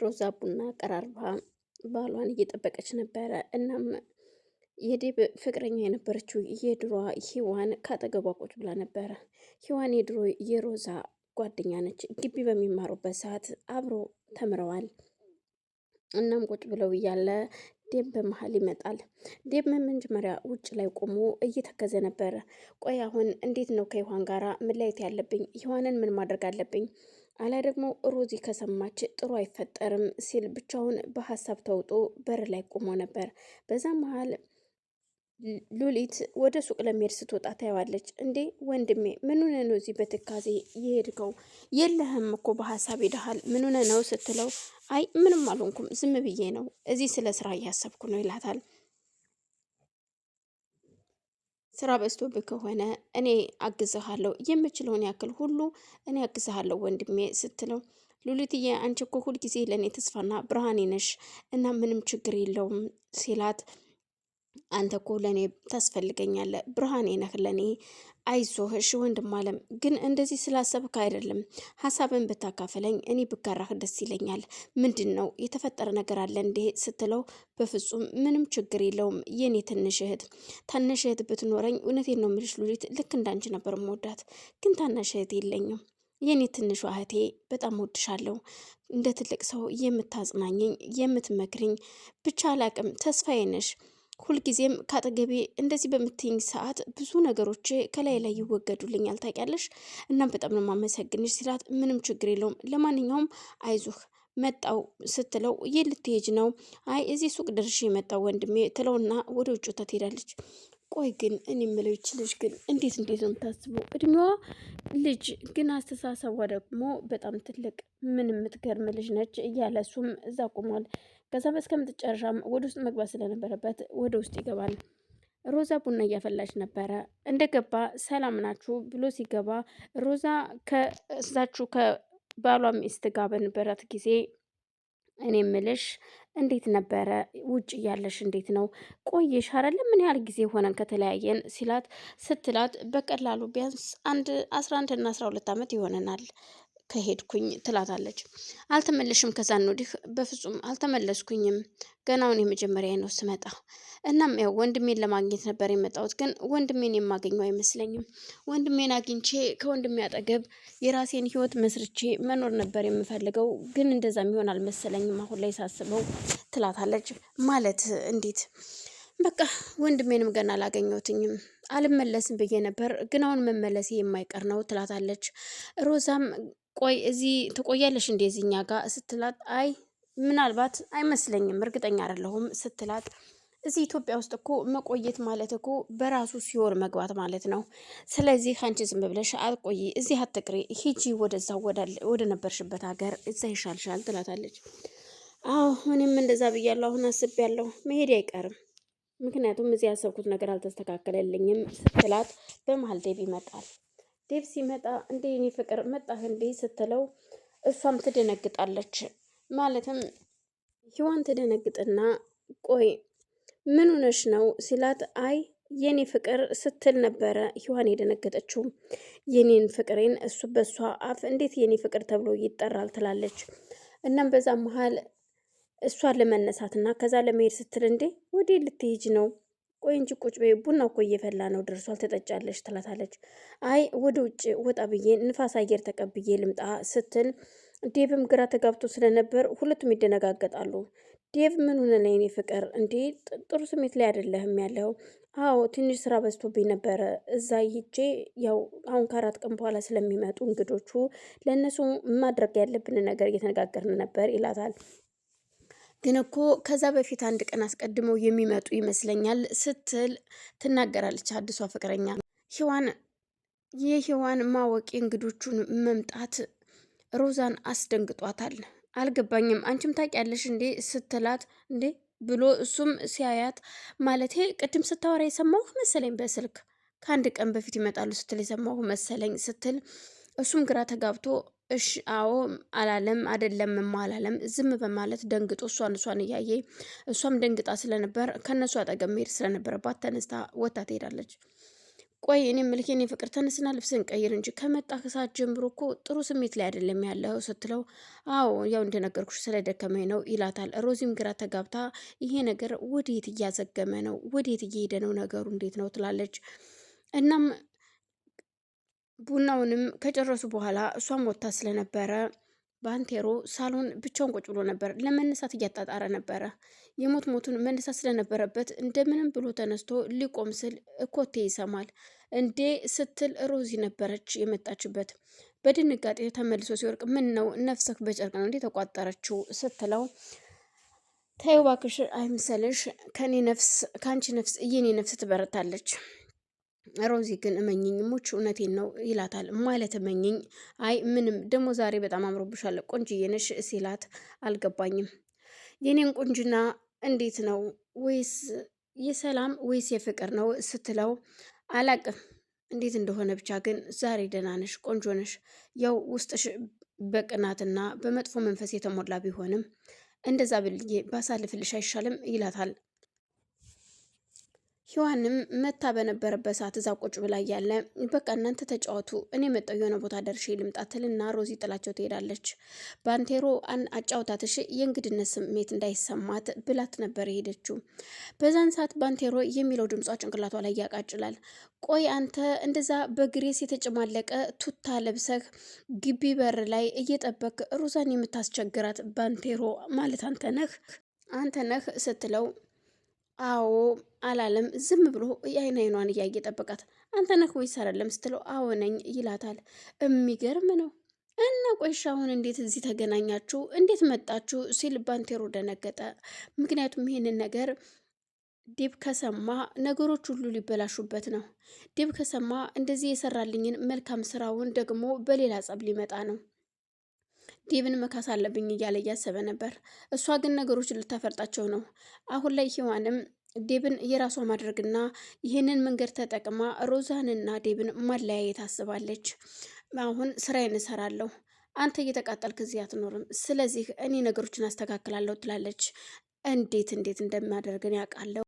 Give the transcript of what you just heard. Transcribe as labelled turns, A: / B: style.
A: ሮዛ ቡና ቀራርባ ባሏን እየጠበቀች ነበረ። እናም የዴብ ፍቅረኛ የነበረችው የድሯ ሂዋን ካጠገቧ ቁጭ ብላ ነበረ። ሂዋን የድሮ የሮዛ ጓደኛ ነች። ግቢ በሚማሩበት ሰዓት አብሮ ተምረዋል። እናም ቁጭ ብለው እያለ ዴብ በመሀል ይመጣል። ዴብ መጀመሪያ ውጭ ላይ ቆሞ እየተከዘ ነበረ። ቆይ አሁን እንዴት ነው ከሂዋን ጋራ መለያየት ያለብኝ? ሂዋንን ምን ማድረግ አለብኝ? አላ ደግሞ ሮዚ ከሰማች ጥሩ አይፈጠርም ሲል ብቻውን በሀሳብ ተውጦ በር ላይ ቆሞ ነበር። በዛ መሀል ሉሊት ወደ ሱቅ ለመሄድ ስትወጣ ታየዋለች። እንዴ ወንድሜ ምኑነ ነው እዚህ በትካዜ የሄድከው? የለህም እኮ በሀሳብ ሄደሃል። ምኑነ ነው ስትለው አይ ምንም አልሆንኩም ዝም ብዬ ነው እዚህ ስለ ስራ እያሰብኩ ነው ይላታል። ስራ በዝቶብህ ከሆነ እኔ አግዝሃለሁ፣ የምችለውን ያክል ሁሉ እኔ አግዝሃለሁ ወንድሜ ስትለው ሉሊትዬ አንቺ እኮ ሁልጊዜ ለእኔ ተስፋና ብርሃኔ ነሽ እና ምንም ችግር የለውም ሲላት አንተ እኮ ለእኔ ታስፈልገኛለህ፣ ብርሃኔ ነህ ለእኔ። አይዞህ እሺ ወንድም አለም። ግን እንደዚህ ስላሰብክ አይደለም። ሀሳብን ብታካፍለኝ እኔ ብጋራህ ደስ ይለኛል። ምንድን ነው የተፈጠረ ነገር አለ እንዴ? ስትለው በፍጹም ምንም ችግር የለውም የኔ ትንሽ እህት፣ ታናሽ እህት ብትኖረኝ እውነቴን ነው የምልሽ ሉሊት፣ ልክ እንዳንቺ ነበር መወዳት። ግን ታናሽ እህት የለኝም። የእኔ ትንሿ እህቴ በጣም ወድሻለሁ። እንደ ትልቅ ሰው የምታጽናኘኝ የምትመክርኝ፣ ብቻ አላቅም፣ ተስፋዬ ነሽ ሁልጊዜም ከአጠገቤ እንደዚህ በምትይኝ ሰዓት ብዙ ነገሮች ከላይ ላይ ይወገዱልኛል ታውቂያለሽ። እናም በጣም ነው የማመሰግንሽ ሲላት ምንም ችግር የለውም ለማንኛውም አይዞህ መጣው ስትለው የት ልትሄጂ ነው? አይ እዚህ ሱቅ ደርሼ የመጣው ወንድሜ ትለውና ወደ ውጭ ትሄዳለች። ቆይ ግን እኔ የምለው ይች ልጅ ግን እንዴት እንዴት ነው የምታስበው? እድሜዋ ልጅ ግን አስተሳሰቧ ደግሞ በጣም ትልቅ ምን የምትገርም ልጅ ነች እያለ እሱም እዛ ቆሟል። ከዛም እስከምትጨረሻም ወደ ውስጥ መግባት ስለነበረበት ወደ ውስጥ ይገባል። ሮዛ ቡና እያፈላች ነበረ። እንደገባ ሰላም ናችሁ ብሎ ሲገባ ሮዛ ከእዛችሁ ከባሏ ሚስት ጋር በነበራት ጊዜ እኔ ምልሽ እንዴት ነበረ ውጭ እያለሽ እንዴት ነው ቆየሽ አይደለ? ምን ያህል ጊዜ ሆነን ከተለያየን ሲላት ስትላት በቀላሉ ቢያንስ አንድ አስራ አንድ እና አስራ ሁለት ዓመት ይሆነናል ከሄድኩኝ ትላታለች። አልተመለሽም። ከዛን ወዲህ በፍጹም አልተመለስኩኝም። ገናውን የመጀመሪያ ነው ስመጣ። እናም ያው ወንድሜን ለማግኘት ነበር የመጣሁት፣ ግን ወንድሜን የማገኘው አይመስለኝም። ወንድሜን አግኝቼ ከወንድሜ አጠገብ የራሴን ህይወት መስርቼ መኖር ነበር የምፈልገው፣ ግን እንደዛ የሚሆን አልመሰለኝም አሁን ላይ ሳስበው ትላታለች። ማለት እንዴት? በቃ ወንድሜንም ገና አላገኘሁትኝም አልመለስም ብዬ ነበር፣ ግን አሁን መመለሴ የማይቀር ነው ትላታለች። ሮዛም ቆይ እዚህ ትቆያለሽ እንዴ እዚህኛ ጋር ስትላት፣ አይ ምናልባት አይመስለኝም፣ እርግጠኛ አይደለሁም ስትላት እዚህ ኢትዮጵያ ውስጥ እኮ መቆየት ማለት እኮ በራሱ ሲኦል መግባት ማለት ነው። ስለዚህ አንቺ ዝም ብለሽ አትቆይ፣ እዚህ አትቅሪ፣ ሂጂ ወደዛ ወደ ነበርሽበት ሀገር፣ እዛ ይሻልሻል ትላታለች። አዎ እኔም እንደዛ ብያለሁ፣ አሁን አስቤያለሁ፣ መሄድ አይቀርም ምክንያቱም እዚህ ያሰብኩት ነገር አልተስተካከለልኝም ስትላት በመሀል ዴብ ይመጣል። ዴቭ ሲመጣ እንዴ እኔ ፍቅር መጣህ እንዴ ስትለው እሷም ትደነግጣለች። ማለትም ሂዋን ትደነግጥና ቆይ ምን ሆነሽ ነው ሲላት አይ የኔ ፍቅር ስትል ነበረ ህዋን የደነገጠችው። የኔን ፍቅሬን እሱ በእሷ አፍ እንዴት የኔ ፍቅር ተብሎ ይጠራል ትላለች። እናም በዛ መሀል እሷን ለመነሳትና ከዛ ለመሄድ ስትል እንዴ ወዴ ልትሄጅ ነው ቆይ እንጂ ቁጭ በይ፣ ቡና እኮ እየፈላ ነው፣ ደርሷል፣ ትጠጫለች ትላታለች። አይ ወደ ውጭ ወጣ ብዬ ንፋስ አየር ተቀብዬ ልምጣ ስትል ዴቭም ግራ ተጋብቶ ስለነበር ሁለቱም ይደነጋገጣሉ። ዴቭ ምን ሆነ ላይ እኔ ፍቅር እንዴ ጥሩ ስሜት ላይ አይደለህም ያለው? አዎ ትንሽ ስራ በዝቶብኝ ነበረ እዛ ይቼ ያው አሁን ከአራት ቀን በኋላ ስለሚመጡ እንግዶቹ ለእነሱ ማድረግ ያለብን ነገር እየተነጋገርን ነበር ይላታል። ግን እኮ ከዛ በፊት አንድ ቀን አስቀድመው የሚመጡ ይመስለኛል ስትል ትናገራለች። አዲሷ ፍቅረኛ ሔዋን የሔዋን ማወቂ እንግዶቹን መምጣት ሮዛን አስደንግጧታል። አልገባኝም አንቺም ታውቂያለሽ እንዴ ስትላት እንዴ ብሎ እሱም ሲያያት ማለቴ ቅድም ስታወራ የሰማሁህ መሰለኝ በስልክ ከአንድ ቀን በፊት ይመጣሉ ስትል የሰማሁ መሰለኝ ስትል እሱም ግራ ተጋብቶ እሺ አዎ አላለም አደለም አላለም ዝም በማለት ደንግጦ እሷን እሷን እያየ እሷም ደንግጣ ስለነበር ከእነሱ አጠገብ መሄድ ስለነበረባት ተነስታ ወታ ትሄዳለች። ቆይ እኔ ምልክ እኔ ፍቅር ተነስና ልብስን ቀይር እንጂ ከመጣ ሰዓት ጀምሮ እኮ ጥሩ ስሜት ላይ አይደለም ያለው ስትለው፣ አዎ ያው እንደነገርኩሽ ስለደከመኝ ነው ይላታል። ሮዚም ግራ ተጋብታ ይሄ ነገር ወዴት እያዘገመ ነው? ወዴት እየሄደ ነው ነገሩ? እንዴት ነው ትላለች። እናም ቡናውንም ከጨረሱ በኋላ እሷም ወጥታ ስለነበረ ባንቴሮ ሳሎን ብቻውን ቁጭ ብሎ ነበር። ለመነሳት እያጣጣረ ነበረ። የሞት ሞቱን መነሳት ስለነበረበት እንደምንም ብሎ ተነስቶ ሊቆም ስል እኮቴ ይሰማል እንዴ ስትል ሮዚ ነበረች የመጣችበት። በድንጋጤ ተመልሶ ሲወርቅ ምን ነው ነፍሰክ በጨርቅ ነው እንዴ ተቋጠረችው ስትለው ተይው እባክሽ አይምሰልሽ፣ ከኔ ነፍስ ከአንቺ ነፍስ እየኔ ነፍስ ትበረታለች ሮዚ ግን እመኝኝ ሙች እውነቴን ነው ይላታል። ማለት እመኝኝ? አይ ምንም ደግሞ ዛሬ በጣም አምሮብሻል ቆንጅዬ ነሽ ሲላት አልገባኝም። የኔን ቁንጅና እንዴት ነው ወይስ የሰላም ወይስ የፍቅር ነው ስትለው አላቅም እንዴት እንደሆነ ብቻ ግን ዛሬ ደህና ነሽ፣ ቆንጆ ነሽ። ያው ውስጥሽ በቅናትና በመጥፎ መንፈስ የተሞላ ቢሆንም እንደዛ ብልዬ ባሳልፍልሽ አይሻልም ይላታል። ሂዋንም መታ በነበረበት ሰዓት እዛ ቁጭ ብላ እያለ በቃ እናንተ ተጫወቱ፣ እኔ መጣሁ የሆነ ቦታ ደርሼ ልምጣ ትልና ሮዚ ጥላቸው ትሄዳለች። ባንቴሮ አጫውታትሽ የእንግድነት ስሜት እንዳይሰማት ብላት ነበር የሄደችው። በዛን ሰዓት ባንቴሮ የሚለው ድምጿ ጭንቅላቷ ላይ ያቃጭላል። ቆይ አንተ እንደዛ በግሬስ የተጨማለቀ ቱታ ለብሰህ ግቢ በር ላይ እየጠበክ ሮዛን የምታስቸግራት ባንቴሮ ማለት አንተ ነህ አንተ ነህ ስትለው አዎ አላለም። ዝም ብሎ የአይን አይኗን እያየ ጠበቃት። አንተ ነህ ወይስ አይደለም ስትለው አዎ ነኝ ይላታል። የሚገርም ነው። እና ቆይሻ አሁን እንዴት እዚህ ተገናኛችሁ? እንዴት መጣችሁ? ሲል ባንቴሮ ደነገጠ። ምክንያቱም ይህንን ነገር ዲብ ከሰማ ነገሮች ሁሉ ሊበላሹበት ነው። ዲብ ከሰማ እንደዚህ የሰራልኝን መልካም ስራውን ደግሞ በሌላ ጸብ ሊመጣ ነው። ዴቭን መካስ አለብኝ እያለ እያሰበ ነበር። እሷ ግን ነገሮችን ልታፈርጣቸው ነው። አሁን ላይ ሂዋንም ዴብን የራሷ ማድረግና ይህንን መንገድ ተጠቅማ ሮዛንና ዴብን ማለያየት አስባለች። አሁን ስራዬን እሰራለሁ፣ አንተ እየተቃጠልክ እዚህ አትኖርም፣ ስለዚህ እኔ ነገሮችን አስተካክላለሁ ትላለች። እንዴት እንዴት እንደማደርግን ያውቃለሁ